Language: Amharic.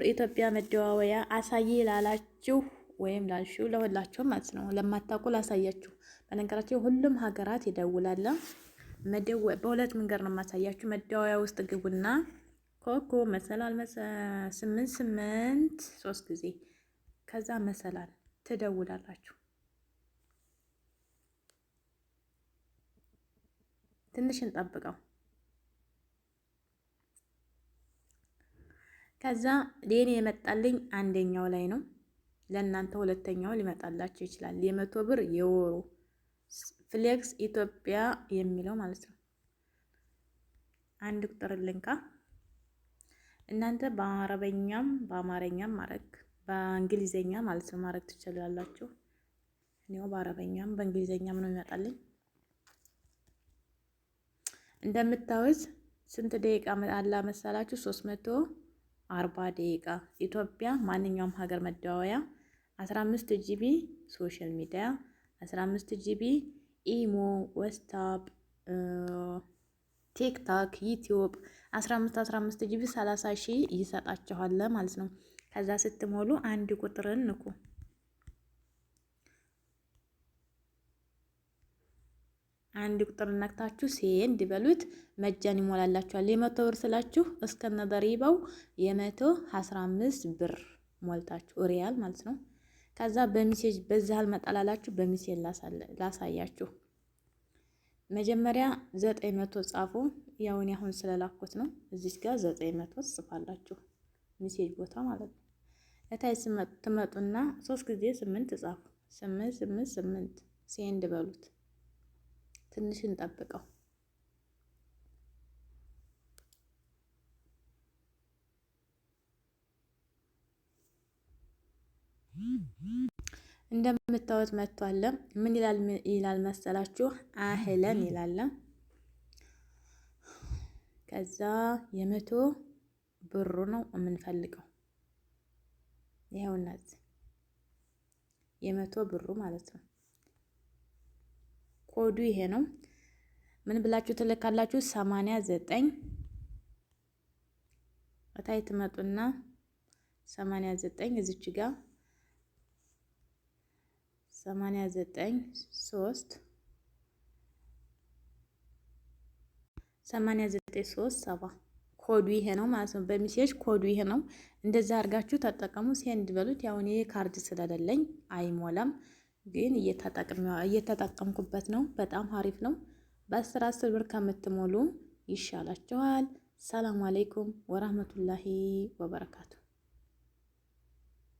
በኢትዮጵያ መደዋወያ አሳይ ላላችሁ ወይም ላልሽው ለሁላችሁ ማለት ነው። ለማታውቁ ላሳያችሁ። በነገራችሁ ሁሉም ሀገራት ይደውላል። በሁለት መንገድ ነው የማሳያችሁ። መደዋወያ ውስጥ ግቡና ኮኮ መሰላል ስምንት ስምንት ሶስት ጊዜ ከዛ መሰላል ትደውላላችሁ። ትንሽ እንጠብቀው። ከዛ ለእኔ የመጣልኝ አንደኛው ላይ ነው። ለእናንተ ሁለተኛው ሊመጣላችሁ ይችላል። የመቶ ብር የወሩ ፍሌክስ ኢትዮጵያ የሚለው ማለት ነው። አንድ ቁጥር ልንካ። እናንተ በአረበኛም በአማረኛም ማድረግ በእንግሊዘኛ ማለት ነው ማድረግ ትችላላችሁ። እኔው በአረበኛም በእንግሊዘኛም ነው ይመጣልኝ። እንደምታዩት ስንት ደቂቃ አላ መሰላችሁ? ሶስት መቶ አርባ ደቂቃ ኢትዮጵያ ማንኛውም ሀገር መደዋወያ 15 ጂቢ ሶሻል ሚዲያ 15 ጂቢ ኢሞ፣ ወስታፕ ቲክታክ፣ ዩቲዩብ 15 15 ጂቢ 30 ሺህ ይሰጣችኋል ማለት ነው። ከዛ ስትሞሉ አንድ ቁጥርን ንኩ። አንድ ቁጥር ነክታችሁ ሴንድ በሉት መጃን ይሞላላችኋል። የመቶ ብር ስላችሁ እስከነ ደሪባው የመቶ አስራ አምስት ብር ሞልታችሁ ሪያል ማለት ነው። ከዛ በሚሴጅ በዛህል መጣላላችሁ በሚሴጅ ላሳያችሁ። መጀመሪያ ዘጠኝ መቶ ጻፉ። ያውን ያሁን ስለላኩት ነው። እዚች ጋር ዘጠኝ መቶ ትጽፋላችሁ ሚሴጅ ቦታ ማለት ነው። እታይ ትመጡና ሶስት ጊዜ ስምንት ጻፉ። ስምንት ስምንት ስምንት ሴንድ በሉት ትንሽ እንጠብቀው። እንደምታዩት መጥቷል። ምን ይላል ይላል መሰላችሁ? አህለን ይላል። ከዛ የመቶ ብሩ ነው የምንፈልገው። ይኸው የመቶ ብሩ ማለት ነው። ኮዱ ይሄ ነው። ምን ብላችሁ ትልካላችሁ? 89 ዘጠኝ እታይ ትመጡና እዚች ጋር 89 3 89 3 7 ኮዱ ይሄ ነው ማለት ነው። በሚሴጅ ኮዱ ይሄ ነው። እንደዛ አድርጋችሁ ተጠቀሙ። ሴንድ በሉት። ያው ይሄ ካርድ ስለሌለኝ አይሞላም። ግን እየተጠቀምኩበት ነው። በጣም አሪፍ ነው። በአስር አስር ብር ከምትሞሉ ይሻላችኋል። ሰላም አሌይኩም ወራህመቱላሂ ወበረካቱ።